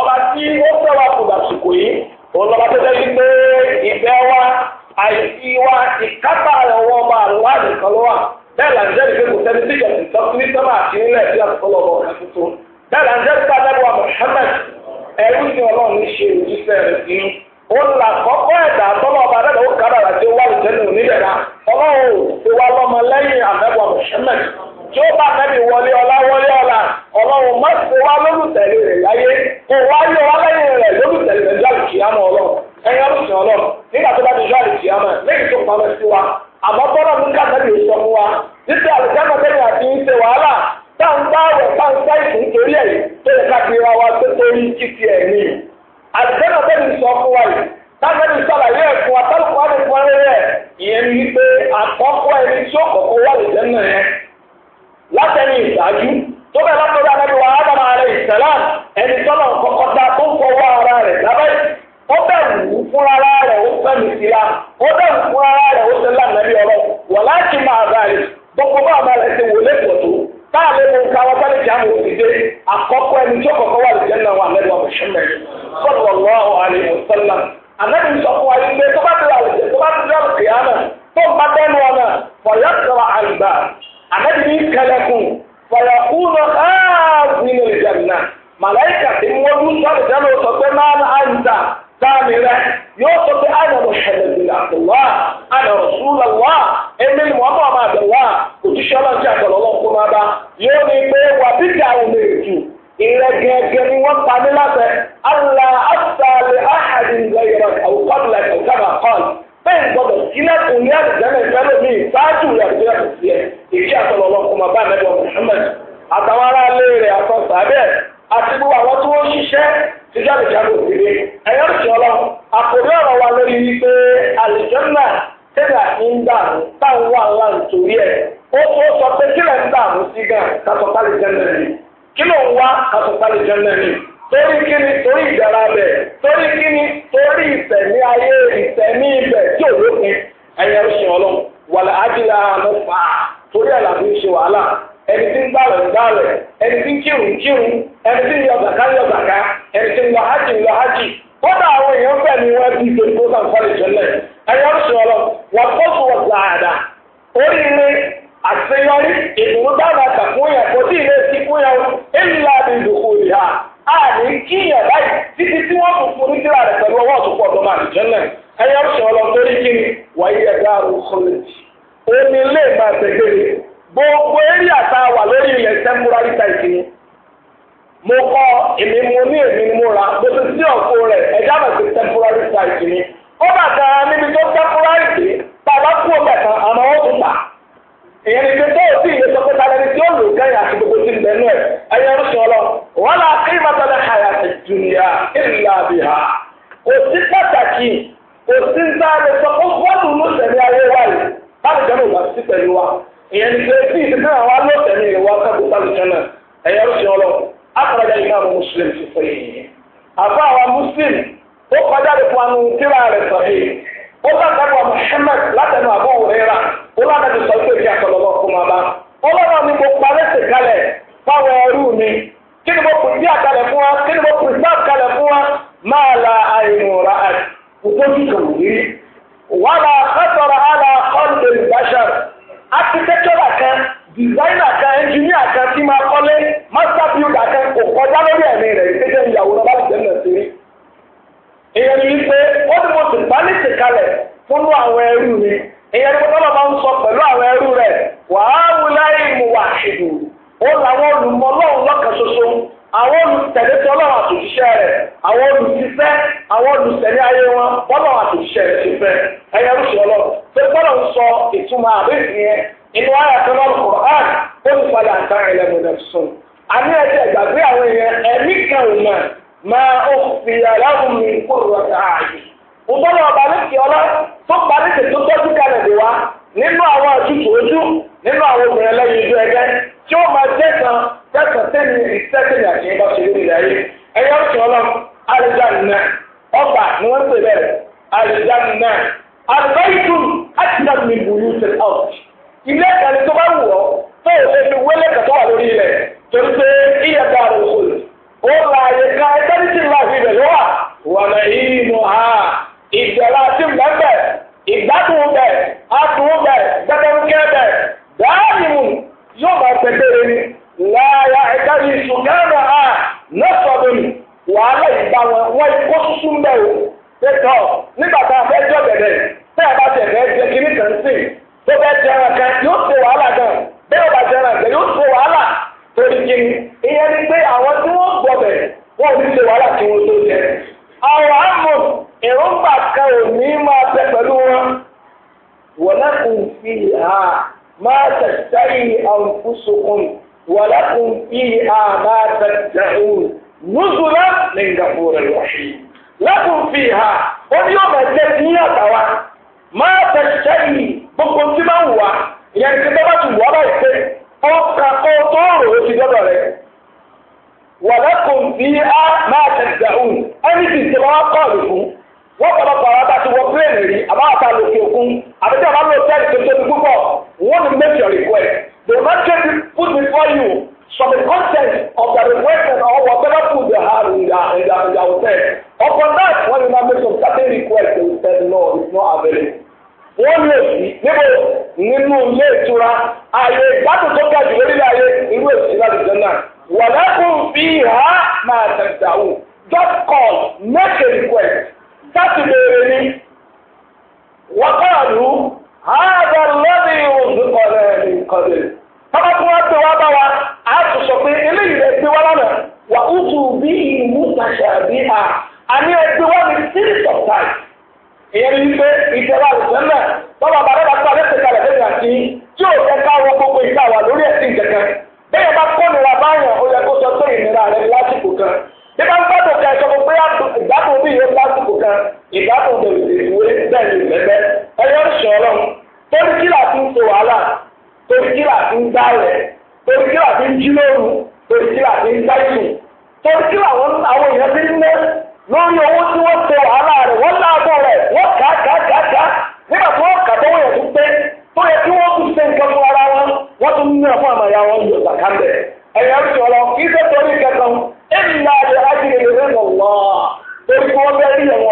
ọba tí ó fẹ́ wa kò dàsìkò yìí. tó wù àti ìyá kùsì ẹ̀ èyí àtọ̀lọ̀ ọlọ́kùnmọ̀ bá mẹ́bọ̀ Muhammad àtàwọn ará ilé rẹ̀ àtọ̀ sàbẹ̀ àti gbogbo àwọn tí wọ́n ṣiṣẹ́ ti jáde jáde òkèlè ẹ̀yọ́ ti ọlọ́ àkòrí ọ̀rọ̀ wa lórí wípé àlùjọ́nà tẹ́lẹ̀ àti ń dààmú táwọn wà wà nítorí ẹ̀ ó tó sọ pé kílẹ̀ ń dààmú sí gan kásọ̀ pálí jẹ́nẹ̀rì kílẹ̀ ń wá kásọ̀ pálí jẹ́nẹ̀rì torí kíni torí ìdára bẹ̀ torí kíni torí ìtẹ̀mí ayé ìtẹ̀mí ibẹ̀ tí òwò pin ẹ̀yẹ́ ń ṣe ọlọ́run wàlẹ̀ ájìlá àmọ́ fà á torí ẹ̀ làbí ń ṣe wàhálà ẹni tí ń gbàlẹ̀ ń gbàlẹ̀ ẹni tí ń kírun ń kírun ẹni tí ń yọ bàkà ń yọ bàkà ẹni tí ń lọ hajj ń lọ hajj kódà àwọn èèyàn fẹ́ ni wọ́n bí ìdòdò tó kàn fọ́lẹ̀ jẹ́lẹ̀ ẹ̀yọ́ sọ̀rọ̀ wà fọ́sù wọ̀ gbàdà oríire àṣeyọrí ìdùnnú dáná àtàkùnyà kò tí ilé ti kúnyà ìlà ní ìdòkò ìhà a ní kíyà báyìí títí tí wọ́n tún fún nígbà rẹ̀ pẹ̀lú ọwọ́ ọ̀tún pọ̀ àdìjẹ́lẹ̀ ẹ̀yọ́ sọ̀rọ̀ torí kíni wàyí ẹ̀dá àrùn kọ́lẹ̀jì n'ile ilé ìgbà gbogbo eré ata wà lórí ilẹ̀ temporary site ni mo èmi mo ní èmi mo ra sí ọ̀pọ̀ rẹ̀ ẹ̀dá àmọ̀ sí temporary site ni kódà kan níbi tó temporary bàbá kú kan àmọ́ ó tún èyàn sọ pé tí ó lò àti gbogbo tí ń bẹ̀nu ẹ̀ ẹ̀yẹ ń sọ lọ báwo jẹ́ si sí pẹ̀lú wa ìyẹn ti ṣe tí ìsìn náà wá ìwà sẹ́kù sálùjẹ́ náà ẹ̀yẹ ló ṣe yìí náà muslim ti sọ yìí àfa muslim ó kọjá lè fún anu tíra rẹ̀ sọ yìí ó bá sẹ́kù látẹnu àbọ̀ ó sọ pé kí fún bá ọlọ́run ni mo fáwọn ẹrú mi kí ni ẹrú mi ìyẹn ni tọ́lọ̀ máa ń sọ pẹ̀lú àwọn ẹrú rẹ̀ wàá wúláyé mu wà ṣìdù ó làwọn olùmọ̀ lọ́hùn lọ́kàn ṣoṣo àwọn olùtẹ̀lé ọlọ́run àtòṣiṣẹ́ rẹ̀ àwọn olùṣiṣẹ́ àwọn olùtẹ̀lé ayé wọn bọ́lọ̀ àtòṣiṣẹ́ rẹ̀ ṣe fẹ́ ẹ̀yẹ rúṣì ọlọ́run tó gbọ́dọ̀ ń sọ ìtumọ̀ àbẹ́sì yẹn منها ما تشتري أنفسكم ولكم فيها ما تدعون نزلا من غفور رحيم لكم فيها واليوم الدنيا توا ما تشتري بكم تموا يعني كده ولا يكتب ọkà kan tó rò ó ti dọ́dọ̀ rẹ̀. wàlákùn fi wọ́n kọ́ lọ́kọ̀ àwọn àti wọ plẹ́ẹ̀nì rí àbáwọ̀ta lòkè òkun àbíjọ́ àwọn àlọ́ òtẹ́ẹ̀lì tó tóbi púpọ̀ wọ́n ní make your request the market put before you some content of the request and all whatever food they have in their in their in their hotel upon that when you now make some certain request they will tell no it's not available. wọ́n ní èsì níbo nínú ilé ìtura ààyè ìgbádùn tó ga jù lórílẹ̀ ayé irú èsì láti jẹ́ náà wàlẹ́kùn fi hà máa tẹ̀síà just call make a request. láti lè rè ní.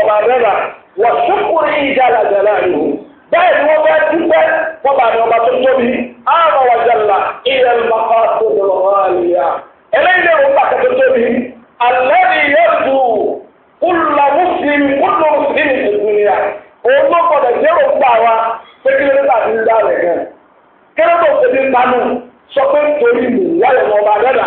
ọba rẹ̀rà wọ́n ṣùkúrú ìjàlá jàlá ìlú bẹ́ẹ̀ ni wọ́n bá dúpẹ́ wọ́n bá ní ọba tó tóbi àmọ́ wà jàlá ilẹ̀ lọ́kọ́ tó lọ́wọ́ àlìyá eléyìí lè wọ́n bá kẹ́kẹ́ tóbi alẹ́ yóò dù kúlọ̀ mùsùlùmí kúlọ̀ mùsùlùmí ìdúnyà òun ló gbọdọ̀ jẹ́ òun gbà wá pé kí ló dé ń dá gan kéré tó ṣe ní nánú sọ pé nítorí mi ìyá ìwọ̀n ọba rẹ̀rà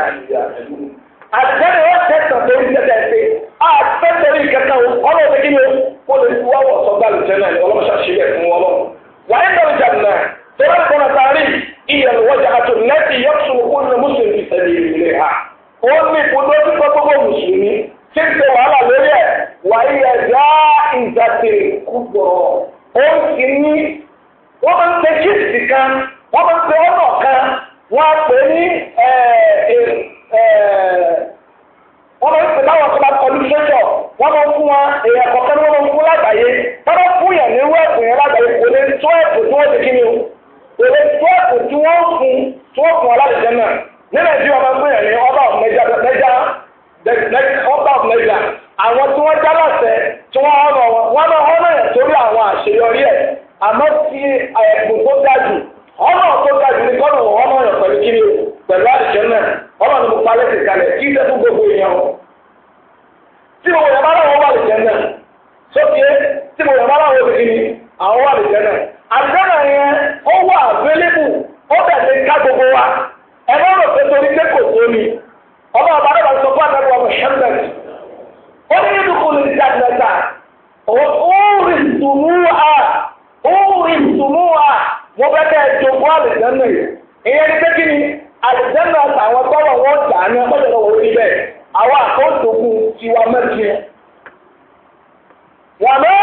àtẹ̀lẹ́ wọn tẹ̀sán lórí tẹ̀sán ẹ̀sẹ̀ àtẹ̀sẹ̀lẹ̀ kẹta o ọlọ́run ti kí ni o lè fi wáwọ̀ sọ́gbà lùtẹ́ náà ọlọ́run ṣàṣeyẹ fún wọn lọ́wọ́. wàá ń bẹ̀rù jàm náà tó bá kọ́nà sáré ìyẹn wọ́jà àti nẹ́ẹ̀tì yẹ́pùsùn kó ní mùsùlùmí tẹ̀lé ìrìlẹ̀ ha. ó ní ibùdó tí gbogbo mùsùlùmí ti ń ṣe wàhálà lórí ẹ̀ wàá yẹ já ìdàtì kúgbọ̀rọ̀ ó sì ní wọ́n máa ń pe wọ́n lọ fún wa èèyàn kọ̀ọ̀kan ni wọ́n lọ fún lágbàáyé wọ́n lọ fún yàn nírú ẹ̀sùn yẹn lágbàáyé kò lè tó tí ni o kò lè tí wọ́n fún tí wọ́n fún aláìsẹ́ náà ní ọba of Niger ọba àwọn tí wọ́n já tí wọ́n ọ̀nà wọn wọ́n náà ọ̀nà yẹn torí àwọn àṣeyọrí ẹ̀ àmọ́ o pẹ̀lú náà ọ̀nà ni mo tí mo yàrá láwọn wà lè jẹ náà sókè tí mo yàrá láwọn òbí ni àwọn wà lè jẹ náà àdúrà yẹn ó wà available ó tẹ̀lé ká gbogbo wa ẹ bá rò pé torí pé kò tó ni ọba ọba náà sọ fún àtàkùn ọmọ Muhammad ó ní ìlú kò lè dá ìdájà ó rí ìdùnnú à ó rí ìdùnnú à mo bẹ kẹ jogún àlùjànnà yẹn ìyẹn ní pé kí ni àlùjànnà àtàwọn tọ́lọ̀ wọn dà ní ọjọ́ ìwọ̀n orí àwọn àkóńtòkù tiwa mẹ́jẹ. Wà máa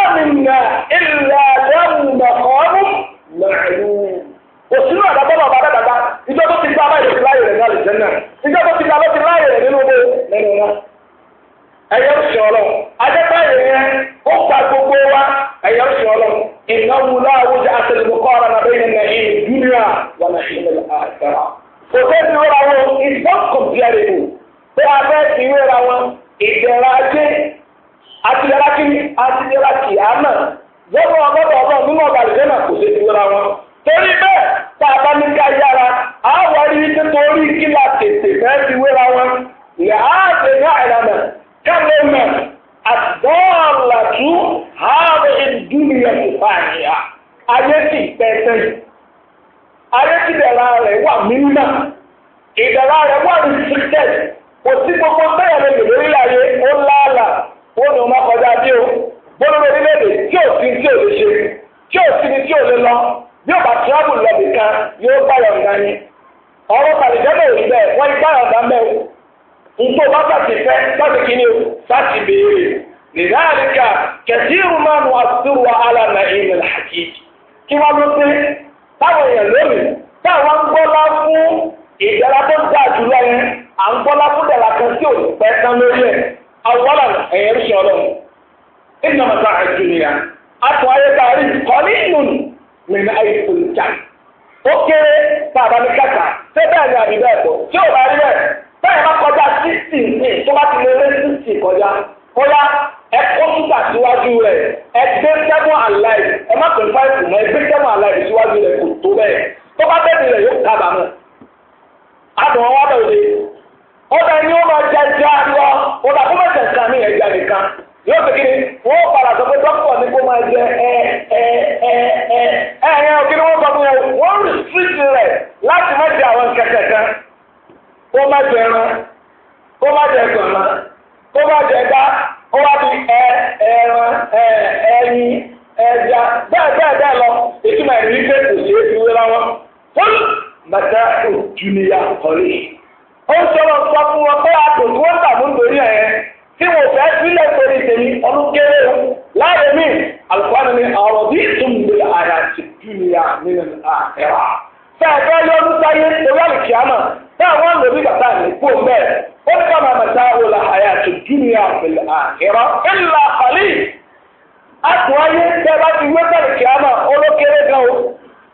Òsínú àdàbọ̀ bàbá ìjọ tó ti gba abáyé ti láyè rẹ̀ ní Ìjọ tó ti gba abáyé ti láyè rẹ̀ nínú owó lẹ́nu wa. Ẹ̀yẹ́ ń sọ ọlọ́run. Adébáyé yẹn ó gba gbogbo wa. Ẹ̀yẹ́ ń sọ ọlọ́run. Ìnáwó láwùjọ àtẹnumọ́kọ́ ọ̀rọ̀ nàbẹ́yìn nàìjíríà dúnìá pé abẹ́ ti wéra wọn ìdẹ̀ra ajé àtìlẹ́ra kí àtìlẹ́ra kì á nà gbọ́dọ̀ ọgọ́dọ̀ ọgbọ́n nínú ọgbà náà kò ṣe ti wéra wọn. torí bẹ́ẹ̀ tá a bá ní ká yára a wà rí nítorí kí la tètè fẹ́ ti wéra wọn ìyá á ṣe ní kò bá ayé ti pẹ́ sẹ́yìn ayé ti dẹ̀ra rẹ̀ wà mímọ́ ìdẹ̀ra rẹ̀ wà restricted. kò sí gbogbo sẹ́yà lè lè lórí ayé ó láàlà kọjá bí o gbọ́dọ̀ orílẹ̀-èdè tí ò sí tí ò lè ṣe tí ò sí tí ò lè lọ bí ó bá lọ nìkan yóò báyọ̀ ǹda ọ̀rọ̀ kàlìjẹ́ náà bẹ́ẹ̀ wọ́n nígbà bá sàtì fẹ́ kí ni o béèrè alànà kí wọ́n ló pé táwọn èèyàn lónìí táwọn ń fún à ń gbọ́ lábúdàlà kan tí ò pẹ́ tán lórí ẹ̀ awọ́là ẹ̀yẹ ń sọ̀rọ̀ ìnà màtà àjùnìyà àpò ayé tá a rí kọ́lí nùn mìíràn ayé olùjà ó kéré bàbá mi kàkà ṣé bẹ́ẹ̀ ni àbí bẹ́ẹ̀ kọ́ tí ò bá rí ẹ̀ bẹ́ẹ̀ bá kọjá sísì ní tó bá ti lé lé sísì kọjá kọjá ẹ kó túbà síwájú rẹ̀ ẹ gbé tẹ́mọ̀ àláì ẹ má pè fáìfù mọ́ ẹ gbé tẹ́mọ̀ àláì síwájú rẹ̀ kò tó bẹ́ẹ̀ tó bá bẹ́ẹ̀ ni rẹ̀ yóò kábàámọ̀ àdùn wọn wá bẹ̀rẹ̀ ọba ẹni wọn máa jẹ jẹ àlọ wọn làkó máa jẹ nǹkan ní nìkan yóò fi kiri wọn padà sọ pé dókítà ní kó máa jẹ ẹ ẹ ẹ ẹ ẹ ẹ wọn rẹ láti má jẹ àwọn kan kó má jẹ ẹran kó má jẹ gbọ̀nà kó má jẹ kó má fi ẹ ẹran ó sọ̀rọ̀ sọ fún wọn pé àtòkù wọn tà fún torí ẹ̀ tí mo fẹ́ sílẹ̀ torí tèmi ọdún kéré láàrin mi alùpàdé ni ọ̀rọ̀ bí ìtumùgbé àyà ti dúnìyà nínú àkẹ́rà. Fẹ́ẹ̀fẹ́ lọ́dún sáyé torí àlùkìámà náà wọ́n lò bí bàtà ní kó bẹ́ẹ̀ ó ní kàmá màtá wòlà àyà ti dúnìyà nínú àkẹ́rà. Ìlà àlì àtúwáyé tẹ́ bá ti wé sàlùkìámà olókéré gan o.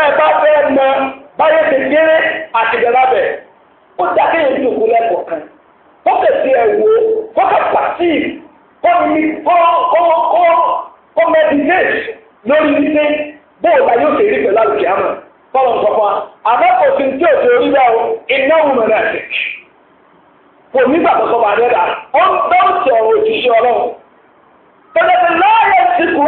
tẹ́ ẹ bá fẹ́ mọ báyé ti kéré àtìgbẹ́lábẹ̀ ó dákẹ́ yẹn ní òkú lẹ́kọ̀ọ́ kan fọ́kẹ̀sì ẹ̀ wò fọ́kẹ̀ pàtì kọ́mi kọ́mẹ́dínẹ́t lórí wípé bóòlù ayé òkè rí pẹ̀lú àlùkè àmọ́ fọlọ́n kọ́kọ́ àmọ́ kò sí tí bá o iná náà kò nígbà dà ó ń bẹ́ ọ̀rọ̀ òṣìṣẹ́ ọlọ́run ti kù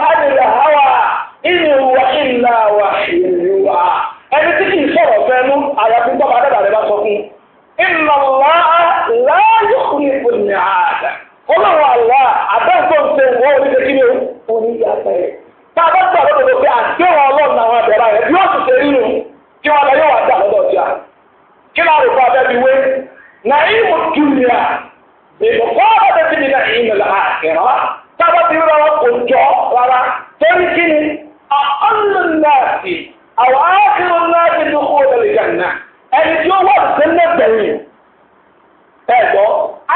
á wà á ẹni tí kì í sọ̀rọ̀ fẹ́nu àyàfi tọ́ba dàda rẹ bá sọ fún ìnàlá láàyò kúrò ìpòlì àdá ọlọ́run àlá àbẹ́ǹtọ́ ṣe wọ́n oníṣe kí ni ó ní yàtọ̀ yẹn tá a bá gbà lọ́dọ̀ pé àdéhùn ọlọ́run àwọn àbẹ̀rẹ̀ rẹ yóò sì ṣe nínú kí wọ́n lọ yóò wá dà lọ́dọ̀ ọjà kí náà rò fún abẹ́bí àwọn ákìlú náà ti dúkú òtẹ̀lẹ̀ jàǹdà ẹni tí ó wà sí mẹ́tẹ̀lẹ̀ ẹ̀gbọ́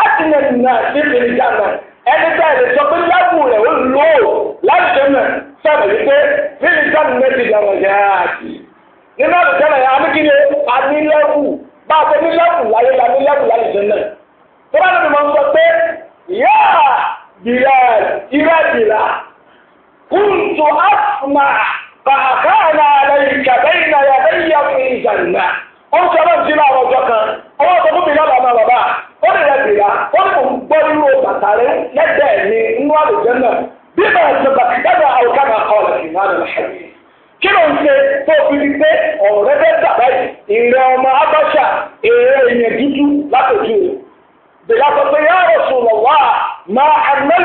ákìlú náà ti dúkú jàǹdà ẹni tí a lè sọ pé lábù rẹ̀ ó lò ó láti ṣe mẹ́ sábẹ̀ wípé fíìlì sábà mẹ́tì dàrọ̀ yáàtì nínú àbùtẹ́lẹ̀ yà á ní kí ni a ní lẹ́wù bá a ti ní lẹ́wù láyé la ní lẹ́wù láyé ṣe náà. tare lẹ́tẹ̀ ní inú àlùjẹ́ náà bí màá ṣe bàtí dábàá àwùká máa kọ́ ọ̀rọ̀ sí náà lọ́sẹ̀. kí ló ń ṣe tó fi di pé ọ̀rọ̀ rẹ fẹ́ dàbá ìrìn ọmọ abáṣà èrè èèyàn dúdú látòjú rẹ̀. bèlà sọ pé yàrá òṣùwọ̀n wà máa àná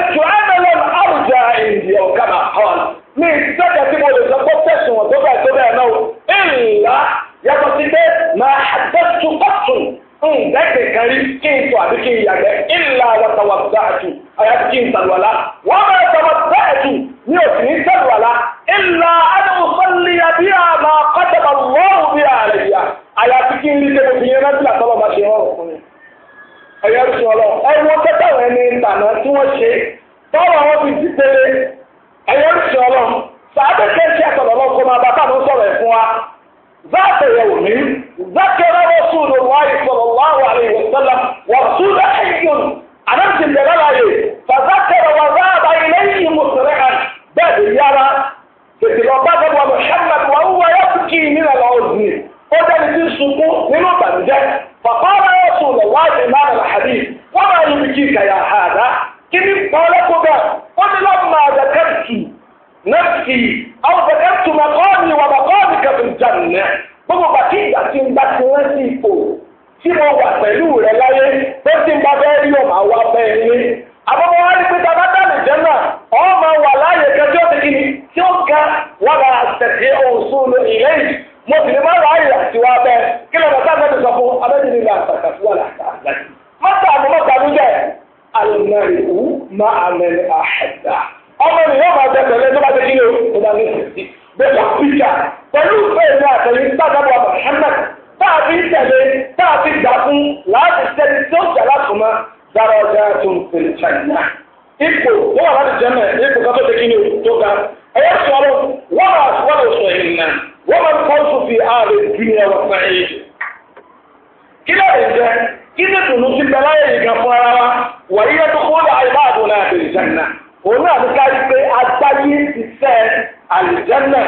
dùnú sí bẹ̀láyè ìgbà fún ara wa wàyí yẹn tó kó lọ àyíká àbò náà bẹ̀rẹ̀ jẹ́nà òun náà ti ká wípé agbáyé ti sẹ́ àlìjẹ́nà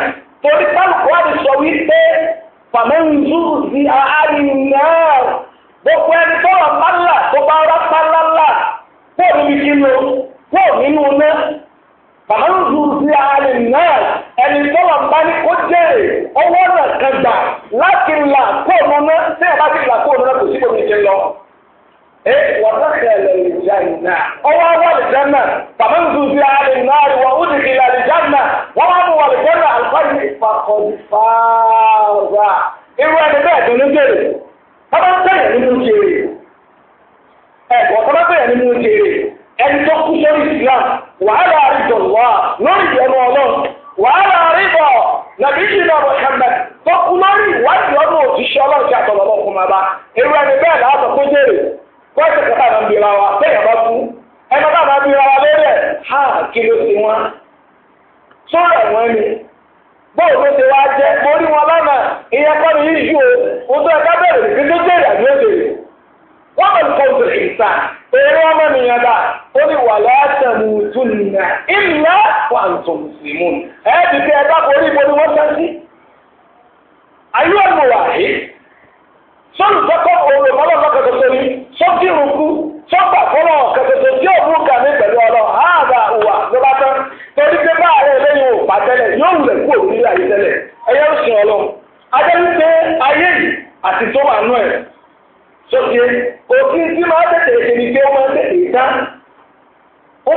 torí kálukú wa ti sọ wípé fàmẹ́ńzú sí àárín náà gbogbo ẹni tó wà pálá tó bá rá pálá lá pọ̀ níbi kí ló pọ̀ nínú náà fàmẹ́ńzú sí àárín ẹni tó wà bá kó jèrè ọwọ́ náà kan láti là kó ọmọ náà tí bá ti là kó ọmọ náà kò sí omi jẹ lọ. ودخل الجنة هو هو الجنة فمن زوزي عن النار وأدخل الجنة ومن هو الجنة القلب فقد فاز irú ẹni bẹ́ẹ̀ tó ní jèrè bàbá bẹ́ẹ̀ nínú jèrè ẹ̀kọ́ bàbá bẹ́ẹ̀ nínú jèrè ẹni tó kú sórí Islam wàhálà àríjọ wà lórí ìyẹnu ọlọ́run wàhálà àríjọ nàbí ìjìnà Muhammad tó kú lórí ìwádìí ọdún òṣìṣẹ́ ọlọ́run ti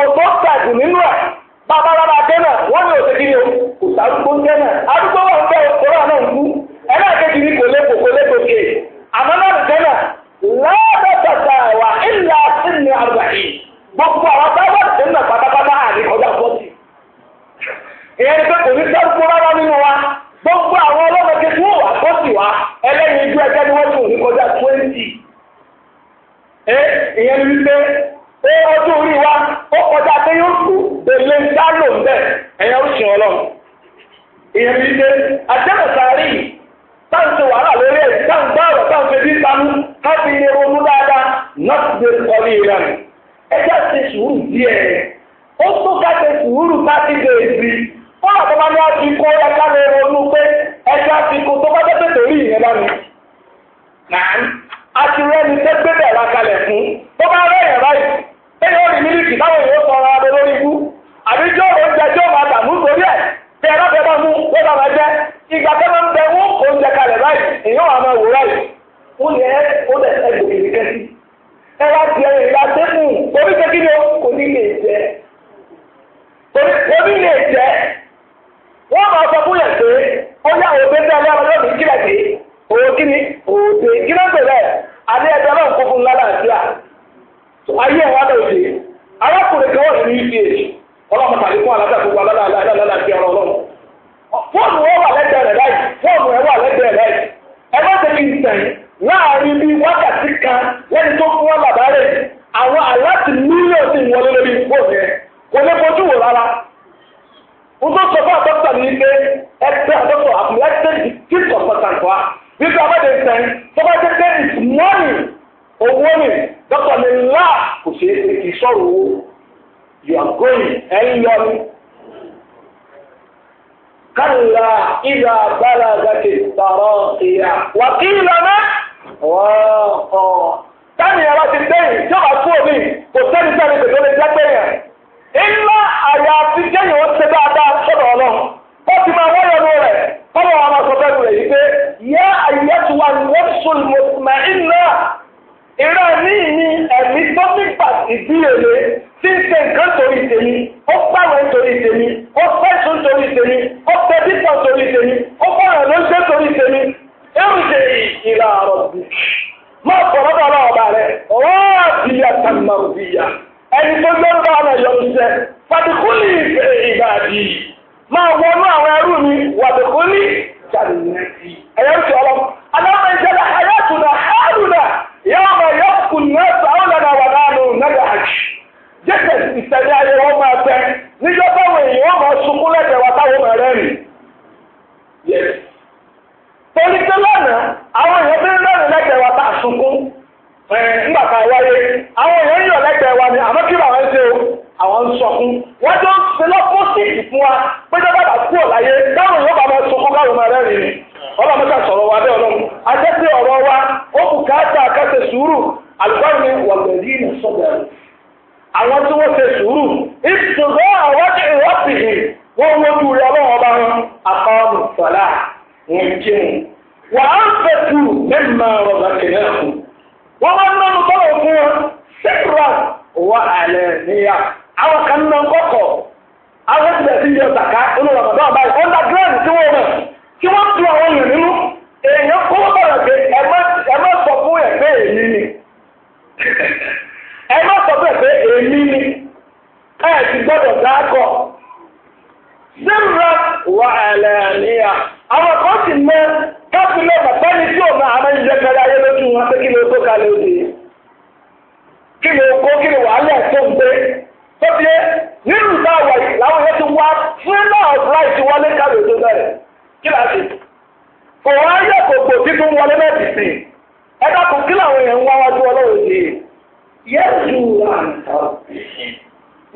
òtó gàdù nínú ẹ̀ bàbá bàbá dẹ́nà wọ́n ní òṣèlú ni kò sárúgbó dẹ́nà arúgbó wà ń òkúrò náà ń ẹlẹ́ẹ̀kejì ni kò lépo kò lépo na àmọ́ náà dẹ́nà lábẹ́tàtà wà ìlà sínú àgbà yìí gbogbo àwọn pátápátá fọ́tì ìyẹn ni pé kò ní rárá wa gbogbo wa ẹlẹ́yin ojú ó kọjá pé yóò kú èlé ń dá ń bẹ̀ ẹ̀yà ó sìn ọlọ́run ìyẹn ní ṣe àjẹmọ̀sáárì táǹtì wàhálà lórí ẹ̀ táǹgbà ọ̀rọ̀ táǹtì bí tanú káfí ilé ronú dáadáa nọ́ọ̀tì kọ́lé ìran ẹjẹ́ ti sùúrù díẹ̀ ó sùúrù káfí ó ní kó ya káfí ronú pé ẹjẹ́ kó tó bá torí ìyẹn rẹ́ni ẹni ó rí mílíkì táwọn èèyàn sọ ọ̀rọ̀ abẹ lórí ikú àbí tí òun jẹ máa mú bá máa jẹ ìgbà máa ń bẹ wọn kò ń báyìí èèyàn wà máa ni kò ní lè jẹ orí lè jẹ máa sọ fún yẹn pé ó sọ fún wọ́n jọ ń ṣe lọ́pọ̀ sí ìfún wa pé jẹ́ bàbá kúrò láyé dáhùn yóò bàbá sọ fún káwọn ọmọ rẹ̀ rìn báyìí ti wọlé kàwé tó bẹ̀rẹ̀ kí là á sì. kò wá yẹ kòkò tí tó ń wọlé náà ti sìn ẹ dákun kí làwọn èèyàn ń wá wájú ọlọ́run sí i. yẹ́sù àǹtà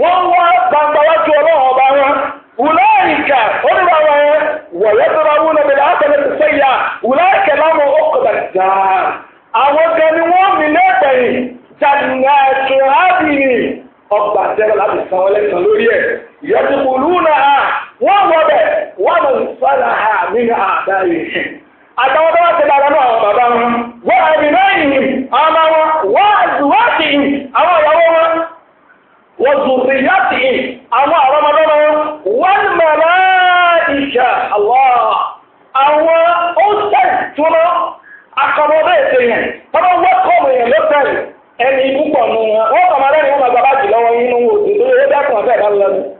wọ́n wá gbangba wájú ọlọ́run ọba wọn wùláìkà onígbà wọn yẹn wọ̀yẹ́ tó bá wúlò bẹ̀rẹ̀ àtẹ̀lẹ̀ tó fẹ́ yà wùláìkà láwọn ọkọ̀ bàjá àwọn kan ni wọ́n mi lẹ́gbẹ̀ẹ́ jàǹdà ẹ̀tọ́ ọgbà tẹ́lẹ̀ wọ́n mọ̀ bẹ́ẹ̀ wọ́n mọ̀ sọ́lá ti dára náà bàbá wọn wọ́n ọmọ wọn àwọn wọn wọ́n láti àwọn wọ́n mọ̀lá àwọ̀ àwọn ètò yẹn wọ́n kọ́ yẹn ẹni nù wọn wọ́n ìdánilẹ́nu.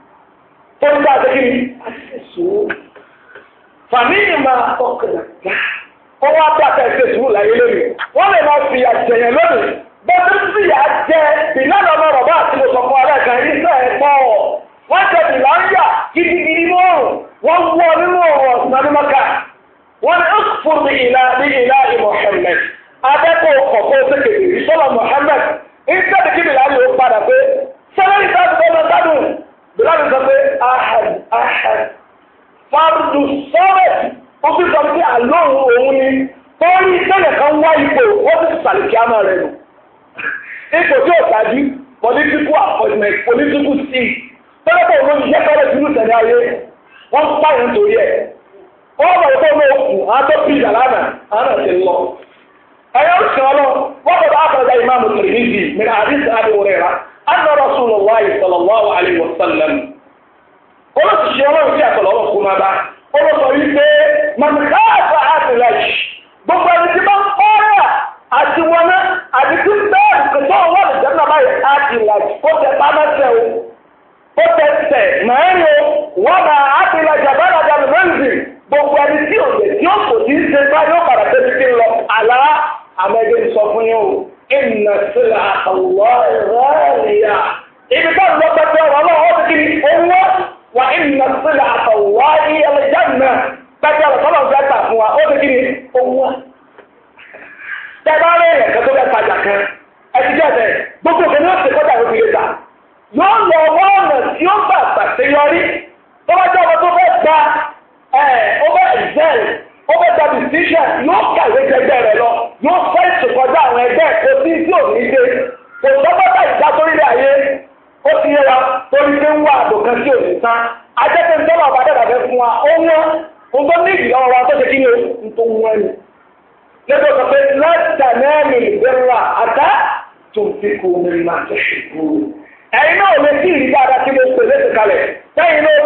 tó ń dá àtẹ́kí ni a sì sùúrù fàmílì máa ọkùnrin gbà wọ́n wá bá àtẹ́ ìṣe sùúrù láyé lónìí wọ́n lè máa fi àjẹyàn lónìí bẹ́ẹ̀ tó sì yà jẹ ìlànà ọmọ rọ̀bá àti lòsọ̀kan aláìsàn yìí náà ẹ̀ pọ̀ wọ́n jẹ ìlànà gidigidi mọ́rùn wọ́n wọ nínú ọ̀rọ̀ ọ̀sán ní mọ́kà wọ́n ní ọ̀fun ní ìlà ní ìlà Muhammad adẹ́kọ̀ọ́ kọ̀ọ̀kọ́ sẹ́kẹ̀rì sọ́lá Muhammad ní sẹ́kẹ̀rì láyé ó padà pé sẹ́lẹ̀ ìtàkùn ọ̀nà láti sọ pé ahad ahad fardu sọ́ọ̀tì ó fi sọ pé àlóhùn òun ni torí sẹ́yìn kan wá ipò wọ́n ti sàlẹ̀ kí á máa rẹ̀ ipò tí ò tàbí political appointment political seat tọ́lá pé òun yẹ sínú ayé wọ́n torí ẹ̀ wọ́n anna Rasulullahi sallallahu alaihi wasallam olóṣìṣẹ́ ọlọ́run sí àtọ̀lọ́ ọlọ́run kó máa bá olóṣọ yìí pé mọ̀nìkáàfà àtìlẹ́yìn gbogbo ẹni tí bá ń kọ́ra àti wọn náà àti tí bẹ́ẹ̀ kòtò wọn lè jẹ́nu àbáyé àtìlẹ́yìn ó tẹ pàmẹ́sẹ̀ o ó tẹ tẹ̀ mẹ́rin o wọ́n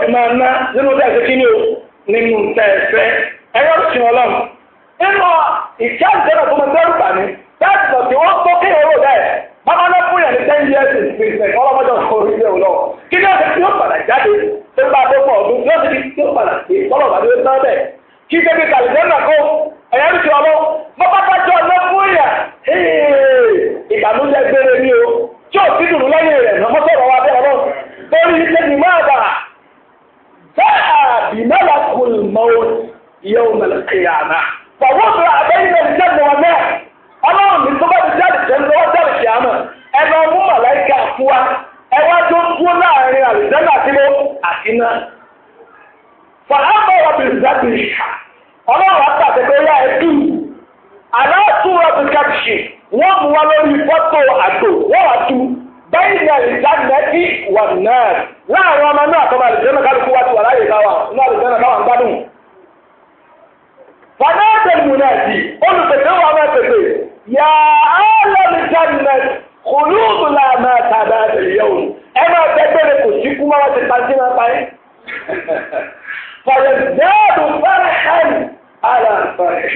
ti máa ná nínú tẹ̀sí kí ni o nínú tẹ̀sẹ̀ ẹ̀rọ ìsìn ọlọ́run nínú ìṣe àjẹrò tó máa dẹ́rù bà ní láti lọ sí wọ́n tó kí èrò rẹ̀ bàbá náà fún yẹn ní years in prison ọlọ́mọdé ọ̀sán orí ilé òun kí ni ọ̀sẹ̀ tí ó padà jáde tó bá tó pọ̀ ọdún tí ó ti di tí ó padà sí tọ́lọ̀ bá lóye náà bẹ̀ kí débi kàlùdẹ́nà kó ẹ̀yẹ́ ń sọ̀rọ̀ bọ́bá bá jọ ọ̀nà fún yà ìbànújẹ́ gbére ni o tí ò sí dùnú lẹ́yìn rẹ̀ lọ́mọ́sọ̀rọ̀ wa bẹ́ẹ̀ lọ torí ṣe ni máa bà فأتى بملك الموت يوم القيامة فوضع بين الجنة والنار ọlọ́run ní tó ọzọ ti jáde jẹ́ lọ́wọ́ jáde kìámà ẹ lọ mú màláìka fún wa ẹ wá tó bẹ́ẹ̀ni àlìjánẹ́tì wà náà láàrin ọmọ náà tọ́ba àlìjánà kálukú wá ti wà láyé káwa ní àlìjánà káwa ń gbádùn. fanáàtẹ̀ múnàjì olùpèsè wà máa pèsè yà á lọ́ni jánẹ́ kùlùmù là máa tàbá àtẹ̀yẹ̀wò ẹ máa tẹ́gbẹ́rẹ́ kò sí kú máa ti pa sí máa pa yín. fàyẹ̀ dáàbò fẹ́rẹ̀ hàn àlàǹfààní.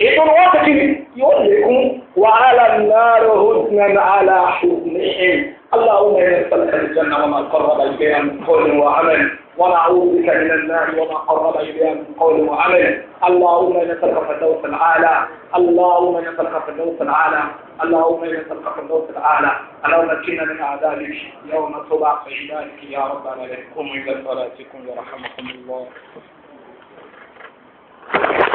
إذن ni wọ́n وعلى النار هدنا على wàhálà nàárọ̀ اللهم يسألك الجنة وما قرب إليها من قول وعمل ونعوذ بك من النار وما قرب إليها من قول وعمل اللهم نسألك الفردوس الأعلى اللهم نسألك الفردوس الأعلى اللهم نسألك الفردوس الأعلى اللهم نجنا من عذابك يوم تبعث عبادك يا رب العالمين قوموا إلى صلاتكم يرحمكم الله